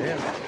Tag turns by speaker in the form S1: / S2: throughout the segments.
S1: Yeah.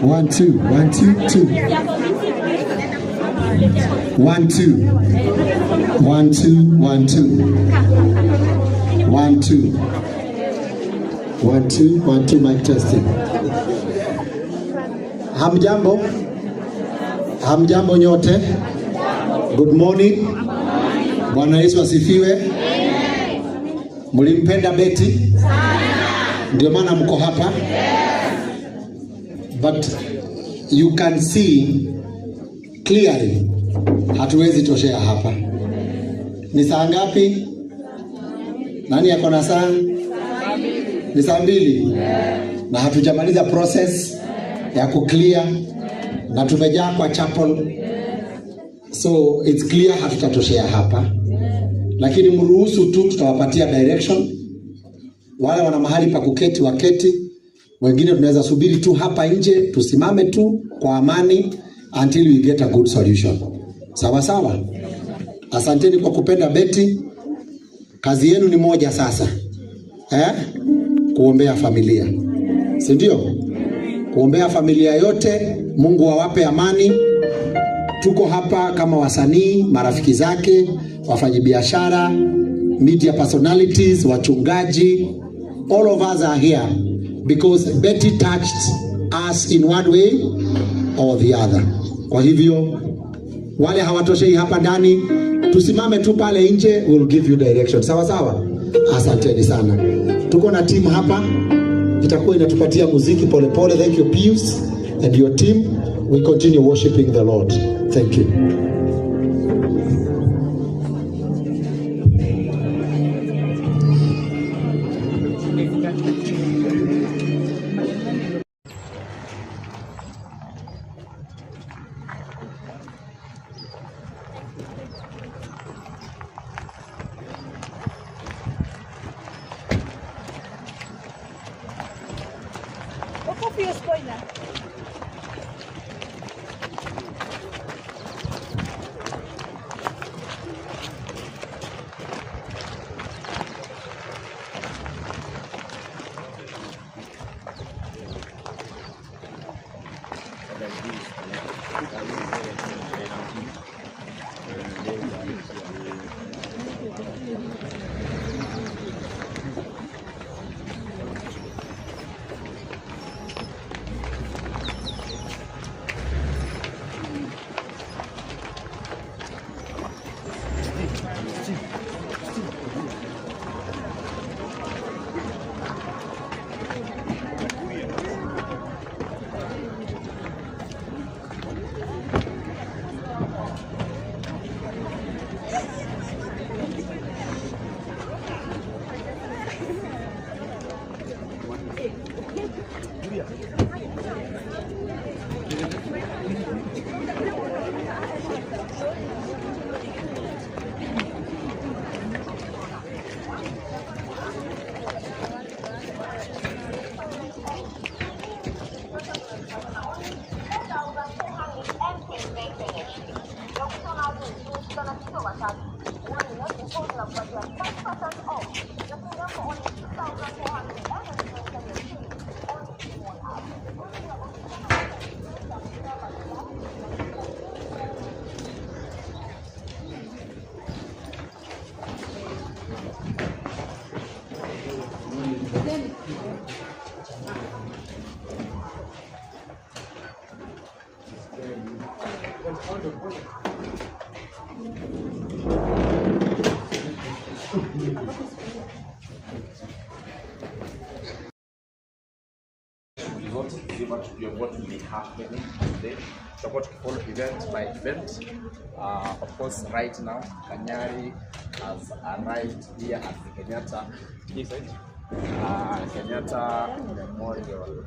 S1: One, two, one, two, two. One, two. One, two, one, two. One, two. One, two, one, two, mic testing. Hamjambo? Hamjambo nyote? Good morning. Bwana Yesu asifiwe. Mlimpenda Beti ndio maana mko hapa yes. But you can see clearly, hatuwezi toshea hapa. Ni saa ngapi? Nani yako na saa? Ni saa mbili na hatujamaliza process ya kuclear na tumejaa kwa chapel, so it's clear hatutatoshea hapa lakini mruhusu tu, tutawapatia direction. Wale wana mahali pa kuketi waketi, wengine tunaweza subiri tu hapa nje, tusimame tu kwa amani until we get a good solution. Sawa sawa, asanteni kwa kupenda beti. Kazi yenu ni moja sasa eh? Kuombea familia, si ndio? Kuombea familia yote, Mungu awape amani. Tuko hapa kama wasanii, marafiki zake wafanyabiashara, media personalities, wachungaji, all of us are here because Betty touched us in one way or the other. Kwa hivyo wale hawatoshei hapa ndani, tusimame tu pale nje, we'll give you direction. Sawa sawa, asanteni sana. Tuko na timu hapa itakuwa inatupatia muziki polepole. Thank you Pius and your team, we continue worshiping the Lord. Thank you.
S2: event by event. Uh, of course right now Kanyari has arrived here at the Kenyatta, uh, Kenyatta Memorial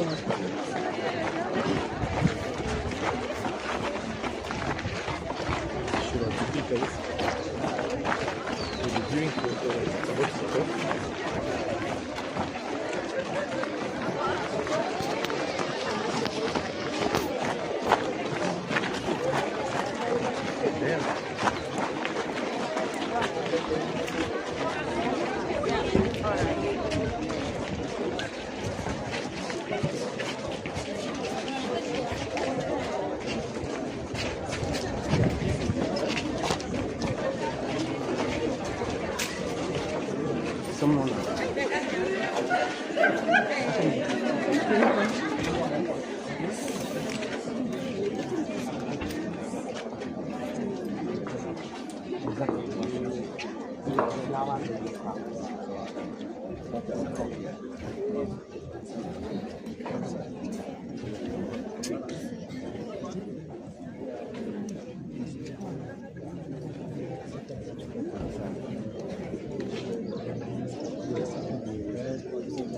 S1: Obrigado. 什么？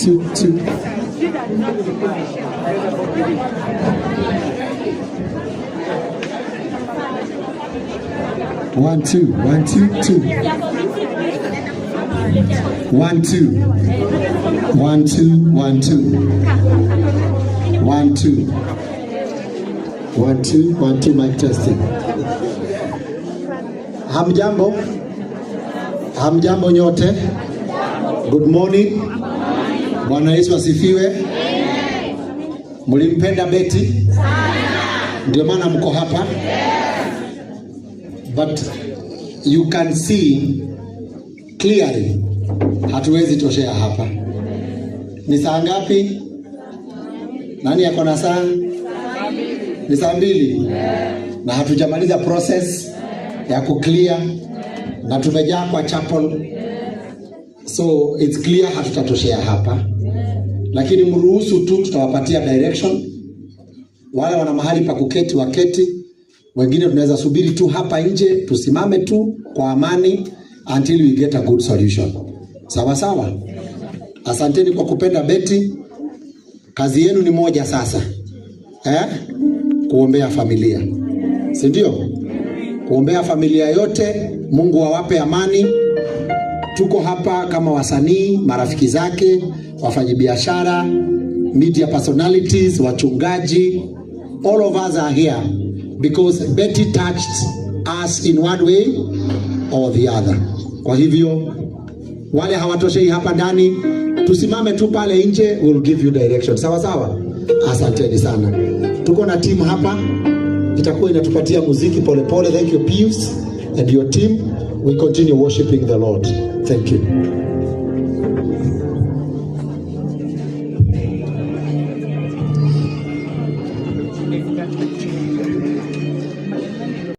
S1: to, to one two one two two one two one two one two one two one two one two mic testing hamjambo hamjambo nyote good morning Bwana Yesu asifiwe. Mlimpenda Beti ndio maana mko hapa but you can see clearly, hatuwezi toshea hapa. Ni saa ngapi? Nani yako na saa? Ni saa mbili, na hatujamaliza process ya ku clear, na tumejaa kwa chapel, so it's clear hatutatoshea hapa lakini mruhusu tu, tutawapatia direction. Wale wana mahali pa kuketi waketi, wengine tunaweza subiri tu hapa nje, tusimame tu kwa amani until we get a good solution. Sawa sawa, asanteni kwa kupenda beti. Kazi yenu ni moja sasa eh? Kuombea familia, si ndio? Kuombea familia yote, Mungu awape amani. Tuko hapa kama wasanii, marafiki zake wafanyabiashara, media personalities, wachungaji, all of us are here because Betty touched us in one way or the other. Kwa hivyo wale hawatoshei hapa ndani, tusimame tu pale nje, we'll give you direction. Sawa sawa, asanteni sana. Tuko na timu hapa itakuwa inatupatia muziki polepole. Pole. Thank you Pius and your team. We continue worshiping the Lord. Thank you.